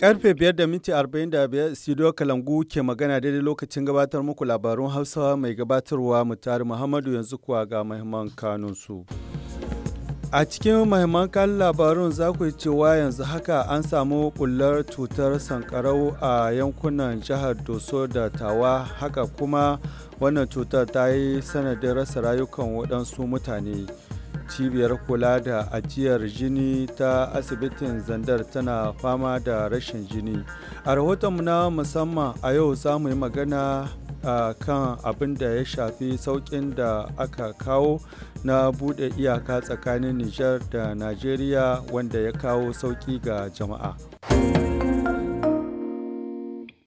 Karfe 5 da minti 45 Sido Kalangu ke magana daidai lokacin gabatar muku labarun Hausawa mai gabatarwa mutari Muhammadu yanzu kuwa ga mahimman kanunsu. A cikin mahimman kan labarun za ku yi cewa yanzu haka an samu kullar cutar sankarau a yankunan jihar Doso da Tawa haka kuma wannan cutar ta yi sanadin rasa rayukan waɗansu mutane. cibiyar kula da ajiyar jini ta asibitin zandar tana fama da rashin jini a rahotonmu na musamman a yau za mu yi magana a kan abin da ya shafi saukin da aka kawo na bude iyaka tsakanin nijar da najeriya wanda ya kawo sauki ga jama'a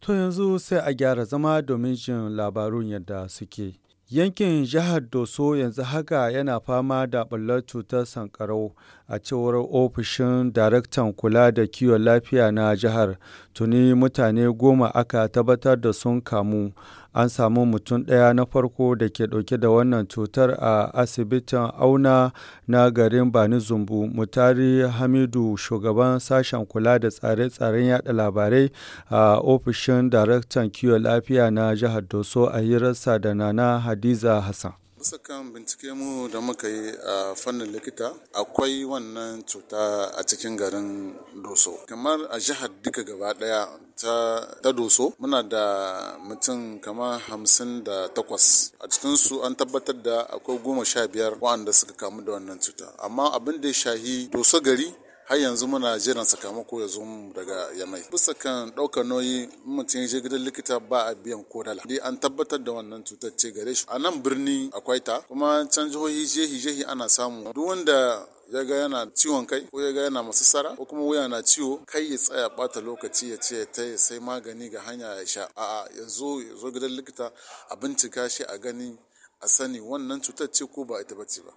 to yanzu sai a gyara zama domin jin labarun yadda suke Yankin jihar Doso yanzu haka yana fama da ɓullar cutar sankarau a cewar ofishin daraktan kula da kiwon lafiya na jihar tuni mutane goma aka tabbatar da sun kamu an samu mutum ɗaya na farko da ke ɗauke da wannan cutar a asibitin auna na garin bani zumbu mutari hamidu shugaban sashen kula da tsare-tsaren yada labarai a ofishin daraktan kiwon lafiya na jihar doso a hirarsa da nana hadiza hassan bisa kan bincike mu da muka yi a fannin likita akwai wannan cuta a cikin garin doso kamar a jihar duka gaba daya ta, doso muna da mutum kamar hamsin da takwas a cikinsu an tabbatar da akwai goma sha biyar waɗanda suka kamu da wannan cuta amma abin da ya shahi doso gari har yanzu muna jiran sakamako ya zo mu daga yamai bisa kan ɗaukar nauyi mutum ya gidan likita ba a biyan ko dala dai an tabbatar da wannan cutar ce gare shi a nan birni akwai ta kuma can jihohi jehi jehi ana samu duk wanda ya ga yana ciwon kai ko ya ga yana masu sara ko kuma wuya na ciwo kai ya tsaya bata lokaci ya ce ta sai magani ga hanya ya sha a'a ya zo ya zo gidan likita a bincika shi a gani a sani wannan cutar ce ko ba ita bace ba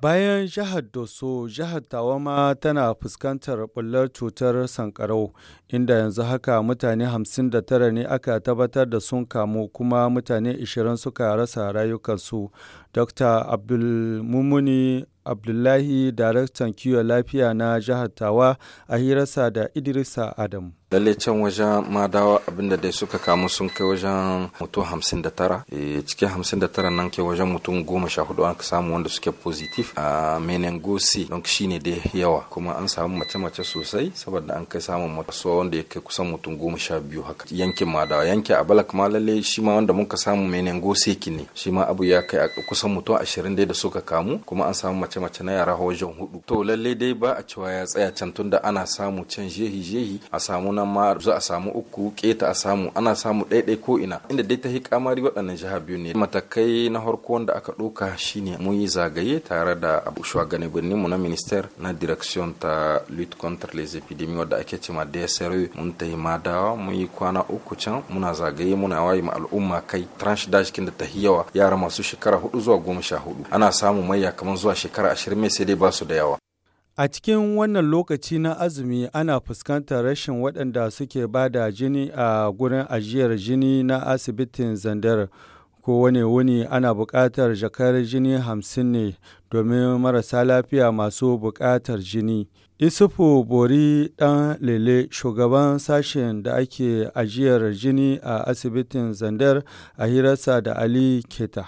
Bayan jihar Doso, jihar Tawa ma tana fuskantar bullar cutar sankarau, inda yanzu haka mutane 59 ne aka tabbatar da sun kamu kuma mutane 20 suka rasa rayukansu. Dr. Abdulmumuni Abdullahi, Daraktan kiwon lafiya na jihar Tawa, a hirarsa da Idrisa Adam. lalle can wajen abin abinda dai suka kamu sun kai wajen mutum hamsin da tara e, cikin hamsin da tara nan ke wajen mutum goma sha hudu aka samu wanda suke positif a menengosi don ne da yawa kuma an samu mace-mace sosai saboda an kai samun matasuwa wanda ya kai kusan mutum goma sha biyu haka yankin madawa a balak ma lalle shi ma wanda muka samu menengosi ki ne shi ma abu ya kai kusan mutum ashirin dai da suka kamu kuma an samu mace-mace na yara wajen hudu to lalle dai ba a cewa ya tsaya can tunda ana samu can jehi-jehi a samu nan ma za a samu uku keta a samu ana samu ɗaiɗai ko ina inda dai ta hi kamari waɗannan jiha biyu ne matakai na farko wanda aka ɗauka shine mun yi zagaye tare da abu shugabannin mu na minister na direction ta lut contre les epidemies wadda ake cewa DSR mun ta yi madawa mun yi kwana uku can muna zagaye muna waye ma al'umma kai tranche dash kin da ta hi yawa yara masu shekara hudu zuwa goma sha hudu ana samu mayya kamar zuwa shekara ashirin mai sai dai ba su da yawa A cikin wannan lokaci na azumi ana fuskantar rashin waɗanda suke ba da jini a gurin ajiyar jini na asibitin Zandar. Kowane wuni ana buƙatar jakar jini hamsin ne domin marasa lafiya masu buƙatar jini. Isufu Bori ɗan Lele shugaban sashen da ake ajiyar jini a asibitin Zandar a hirarsa da Ali Keta.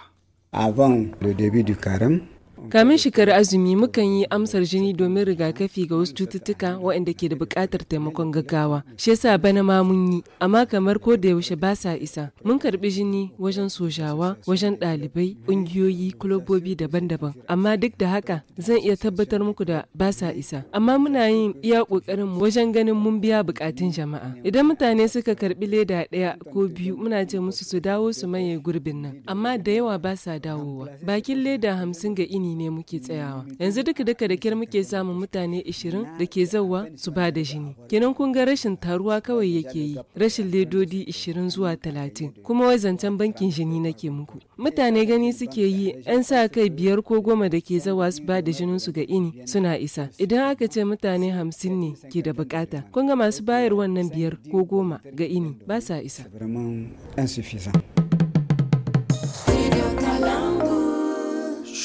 Avant le début du carême, Kamin shekaru azumi mukan yi amsar jini domin rigakafi ga wasu cututtuka waɗanda ke da buƙatar taimakon gaggawa. Shi yasa bana ma mun yi, amma kamar ko da yaushe ba sa isa. Mun karɓi jini wajen sojawa, wajen ɗalibai, ƙungiyoyi, kulobobi daban-daban. Amma duk da haka zan iya tabbatar muku da ba sa isa. Amma muna yin iya ƙoƙarin wajen ganin mun biya buƙatun jama'a. Idan mutane suka karɓi leda ɗaya ko biyu muna ce musu su dawo su maye gurbin nan. Amma da yawa ba sa dawowa. Bakin leda hamsin ga ini gini ne muke mm, tsayawa yanzu duka duka da kyar muke samun mutane 20 da ke zauwa su ba da jini kenan kun ga rashin taruwa kawai yake yi rashin ledodi 20 zuwa talatin kuma wai zancen bankin jini nake muku mutane gani suke yi yan sa kai biyar ko goma da ke zawa su ba da jinin su ga ini suna isa idan aka ce mutane hamsin ne ke da bukata kun ga masu bayar wannan biyar ko goma ga ini ba sa isa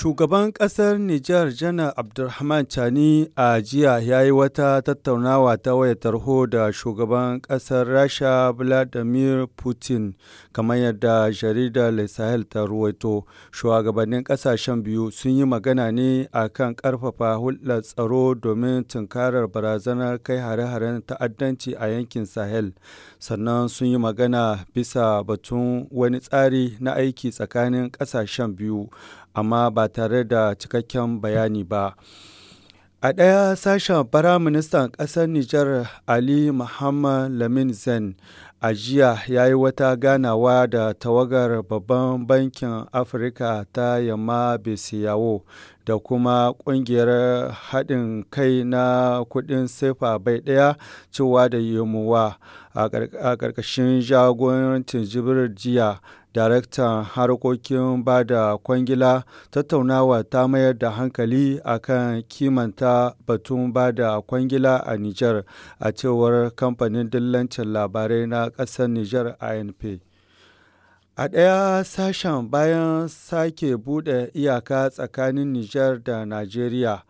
Shugaban ƙasar Nijar Janar Abdulrahman Chani a jiya ya yi wata tattaunawa ta waya tarho da shugaban ƙasar Rasha Vladimir Putin kamar yadda jaridar Le Sahel ta ruwaito. Shugabannin ƙasashen biyu sun yi magana ne a kan ƙarfafa hulɗar tsaro domin tunkarar barazanar kai hare-haren ta'addanci a yankin Sahel. Sannan sun yi magana bisa batun wani tsari na aiki tsakanin ƙasashen biyu. amma ba tare da cikakken bayani ba. A ɗaya sashen Firaministan ƙasar Nijar Ali Muhammad Lamin Zen a jiya ya yi wata ganawa da tawagar Babban Bankin Afirka ta Yamma Besiyawo da kuma ƙungiyar haɗin kai na kuɗin sefa bai ɗaya cewa da yimuwa a ƙarƙashin jagorancin Jibril jiya daraktan harkokin ba da kwangila tattaunawa ta mayar da hankali akan kimanta batun ba da kwangila a Niger a cewar kamfanin dillancin labarai na ƙasar Nijar INP. A ɗaya sashen bayan sake buɗe iyaka tsakanin Niger da Najeriya.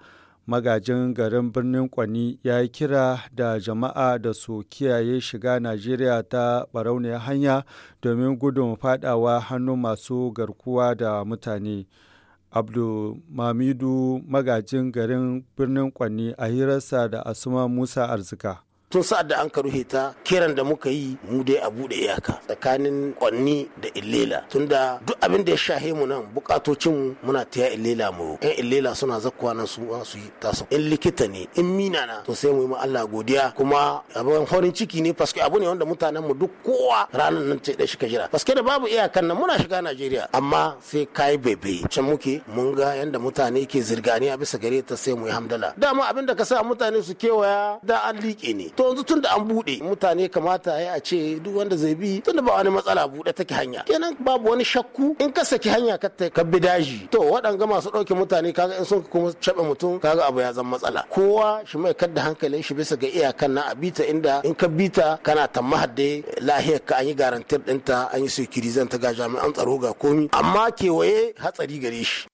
magajin garin birnin kwani ya yi kira da jama'a da su kiyaye shiga najeriya ta barauniyar hanya domin gudun fadawa hannu masu garkuwa da mutane abdulmamidu magajin garin birnin kwani a hirarsa da asuma musa arzika tun sa'ad da an ka ruhe ta kiran da muka yi mu dai a bude iyaka tsakanin kwanni da illela tunda duk abin da ya shahe mu nan bukatocin mu muna taya illela mu yan illela suna zakkuwa nan su ba su yi tasu in likita ne in mina na to sai mu yi ma Allah godiya kuma abin horin ciki ne paske abu ne wanda mutanen mu duk kowa ranar nan ta da shi ka jira paske da babu iyakan nan muna shiga Najeriya amma sai kai bebe can muke mun ga yanda mutane ke zirgani a bisa gare ta sai mu yi hamdala dama abin da ka sa mutane su kewaya da an liƙe ne to yanzu tunda an bude mutane kamata ya ce duk wanda zai bi tunda ba wani matsala bude take hanya kenan babu wani shakku in ka saki hanya ka ta kabbi daji to waɗanga masu ɗauke mutane kaga in sun kuma caɓe mutum kaga abu ya zama matsala kowa shi mai kadda hankalin shi bisa ga iyakan na a bita inda in ka bita kana ta mahadde lahiyar ka an yi garantir ɗinta an yi zan ta ga jami'an tsaro ga komi amma kewaye hatsari gare shi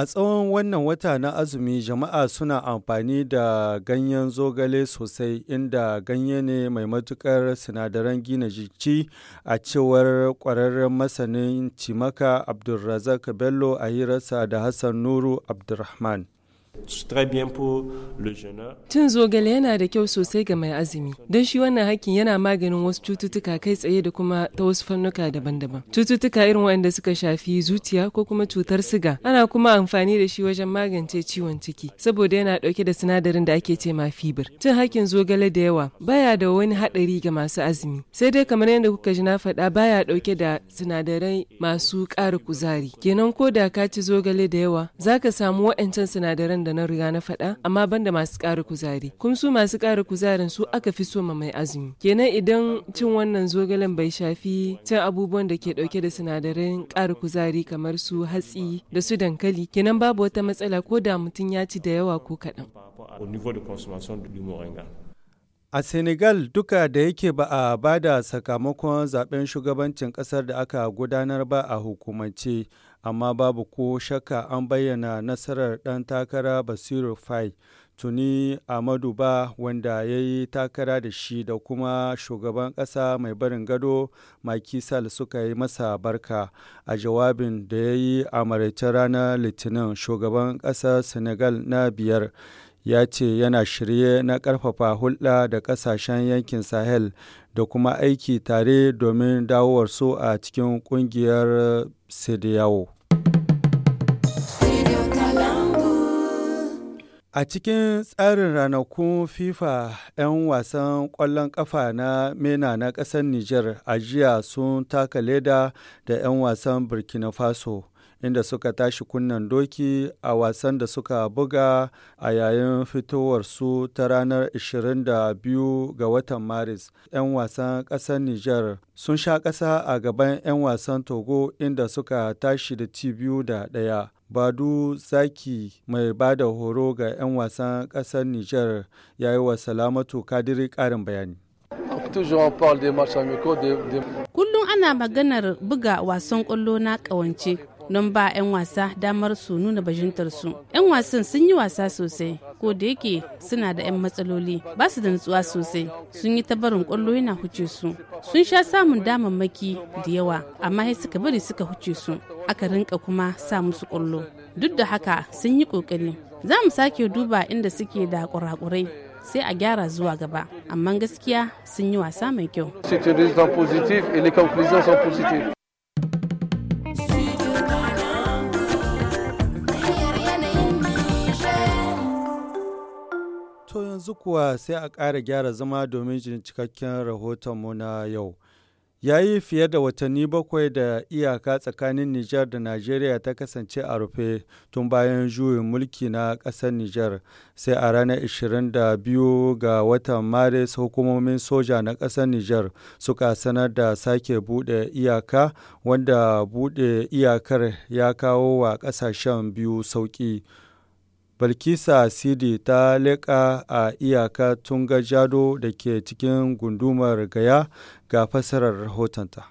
A tsawon wannan wata na azumi jama'a suna amfani da ganyen zogale sosai inda ganye ne mai matuƙar sinadaran gina jiki a cewar ƙwararren masanin cimaka Abdulrazak Bello a hirarsa da Hassan Nuru Abdulrahman. Cin zogale yana da kyau sosai ga mai azumi, don shi wannan hakin yana maganin wasu cututtuka kai tsaye da kuma ta wasu fannuka daban-daban. Cututtuka irin waɗanda suka shafi zuciya ko kuma cutar siga, ana kuma amfani da shi wajen magance ciwon ciki, saboda yana ɗauke da sinadarin da ake ce ma fibir. Cin hakin zogale da yawa baya da wani haɗari ga masu azumi, sai dai kamar yadda kuka ji na faɗa baya ɗauke da sinadarai masu ƙara kuzari. Kenan ko da ka ci zogale da yawa, za ka samu waɗancan sinadaran abubuwan da na riga na faɗa amma banda masu ƙara kuzari kun su masu ƙara kuzarin su aka fi so ma mai azumi kenan idan cin wannan zogalen bai shafi cin abubuwan da ke ɗauke da sinadaran ƙara kuzari kamar su hatsi da su dankali kenan babu wata matsala ko da mutum ya ci da yawa ko kaɗan. A Senegal duka da yake ba a ba da sakamakon zaben shugabancin ƙasar da aka gudanar ba a hukumance, amma babu ko shakka an bayyana nasarar ɗan takara Basiru Fai. Tuni Amadu Ba wanda ya yi takara da shi da kuma shugaban ƙasa mai barin gado Makisal suka yi masa barka a jawabin da ya yi a maraita ranar Litinin shugaban ƙasa Senegal na biyar. ya ce yana shirye na ƙarfafa hulɗa da ƙasashen yankin sahel da kuma aiki tare domin dawowar su a cikin ƙungiyar CDAO. A cikin tsarin ranakun FIFA, 'yan wasan ƙwallon ƙafa na MENA na ƙasar Nijar a jiya sun taka leda da 'yan wasan Burkina Faso. inda suka tashi kunnen doki a wasan da suka buga a yayin fitowarsu ta ranar 22 ga watan maris 'yan wasan ƙasar niger sun sha ƙasa a gaban 'yan wasan togo inda suka tashi da ci biyu da ɗaya Badu Zaki mai bada horo ga 'yan wasan ƙasar Nijar ya yi wa Salamatu Kadiri ƙarin bayani. Kullum ana maganar buga wasan ƙwallo na ƙawance, don ba 'yan wasa damar su nuna su 'Yan wasan sun yi wasa sosai, ko da yake suna da 'yan matsaloli, ba su da nutsuwa sosai, sun yi tabarin kwallo yana huce su. Sun sha samun damammaki da yawa, amma sai suka bari suka huce su, aka rinka kuma sa musu kwallo. Duk da haka sun yi kokari. Za mu sake duba inda suke da kurakurai sai a gyara zuwa gaba amma gaskiya sun yi wasa mai kyau. yanzu kuwa sai a ƙara gyara zama domin jin cikakken mu na yau. Yayi fiye da watanni bakwai da iyaka tsakanin Nijar da Najeriya ta kasance a rufe tun bayan juyin mulki na ƙasar Nijar sai a ranar 22 ga watan Maris hukumomin soja na ƙasar Nijar suka sanar da sake buɗe iyaka wanda buɗe iyakar ya kawo wa ƙasashen biyu sauƙi. Balkisa Sidi ta leƙa a iyaka Tunga Jado da ke cikin gundumar Gaya ga fasarar rahotanta.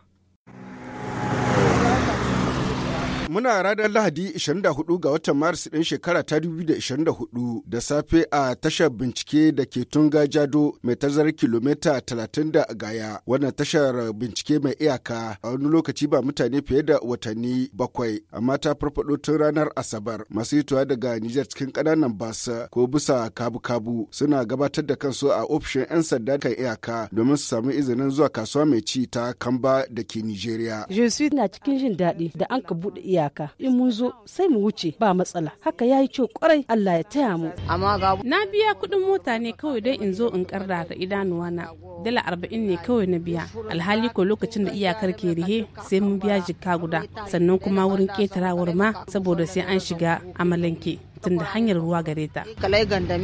Muna ranar Lahadi 24 ga watan Maris ɗin shekara ta 2024 da safe a tashar bincike da ke Tunga Jado mai tazarar kilomita 30 da Gaya. Wannan tashar bincike mai iyaka a wani lokaci ba mutane fiye da watanni bakwai amma ta farfado tun ranar Asabar. Masu tuwa daga Nijar cikin ƙananan basa ko bisa kabu-kabu suna gabatar da kansu a ofishin 'yan sanda kan iyaka domin su samu izinin zuwa kasuwa mai ci ta Kamba da ke Nijeriya. Je na cikin jin daɗi da an ka buɗe iyaka in mun zo sai mu wuce ba matsala haka ya yi ce kwarai Allah ya taya mu. Na biya kuɗin mota ne kawai don in zo in karra da idanuwa na dala arba'in ne kawai na biya alhali ko lokacin da iyakar ke rihe sai mun biya jikka guda sannan kuma wurin ketarawar ma saboda sai an shiga amalanke. tunda hanyar ruwa gare ta.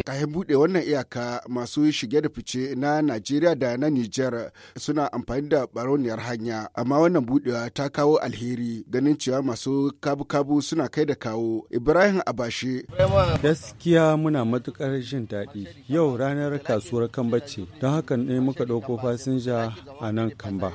Kayan buɗe wannan iyaka masu shige da fice na Najeriya da na Nijar suna amfani da baroniyar hanya amma wannan buɗewa ta kawo alheri ganin cewa masu kabu-kabu suna kai da kawo. Ibrahim abashi. Gaskiya muna matuƙar jin daɗi. Yau ranar kasuwar Kamba ce don haka ne muka ɗauko fasinja a nan Kamba.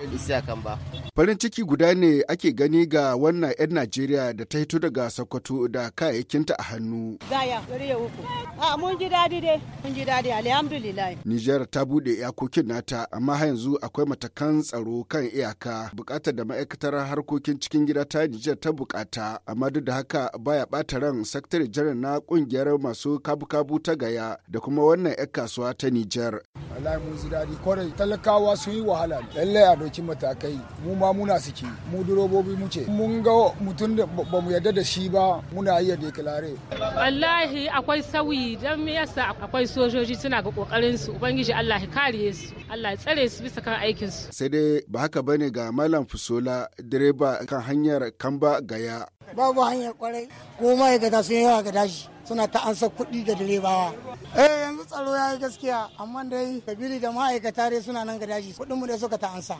Farin ciki guda ne ake gani ga wannan 'yan Najeriya da ta hito daga Sokoto da kayayyakinta a hannu. uku. uku. A mun ji daɗi dai, mun ji daɗi alhamdulillah. Nijar ta bude iyakokin nata amma har yanzu akwai matakan tsaro kan iyaka bukatar da ma'aikatar harkokin cikin gida ta Nijar ta bukata amma duk da haka baya bata ran sakatare jiran na ƙungiyar masu kabu-kabu ta gaya da kuma wannan 'yan kasuwa ta Nijar. Wallahi mun ji daɗi kwarai talakawa sun yi wahala lallai a doki matakai mu ma muna siki mu durobobi mu ce mun ga mutum da bamu yadda yarda da shi ba muna iya deklare. wallahi akwai sauyi don me yasa akwai sojoji suna ga kokarin su ubangiji Allah ya kare su Allah ya tsare su bisa kan aikin su sai dai ba haka bane ga malam fusola direba kan hanyar kamba gaya babu hanyar kwarai ko ma'aikata sun yi yawa ga dashi suna ta ansa kuɗi ga direbawa eh yanzu tsaro ya yi gaskiya amma dai kabili da ma'aikata dai suna nan ga daji kuɗin mu da suka ta ansa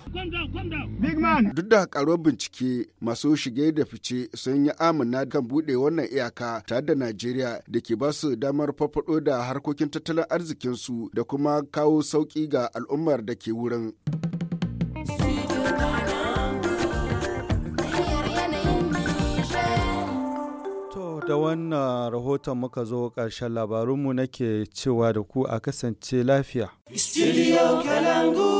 big man duk da karuwar bincike masu shige da fice sun yi amina kan buɗe wannan iyaka tare da najeriya da ke ba su damar farfaɗo da harkokin tattalin arzikin su da kuma kawo sauƙi ga al'ummar da ke wurin. da wannan rahoton muka zo ƙarshen labarunmu nake cewa da ku a kasance lafiya. Studio Kalangu.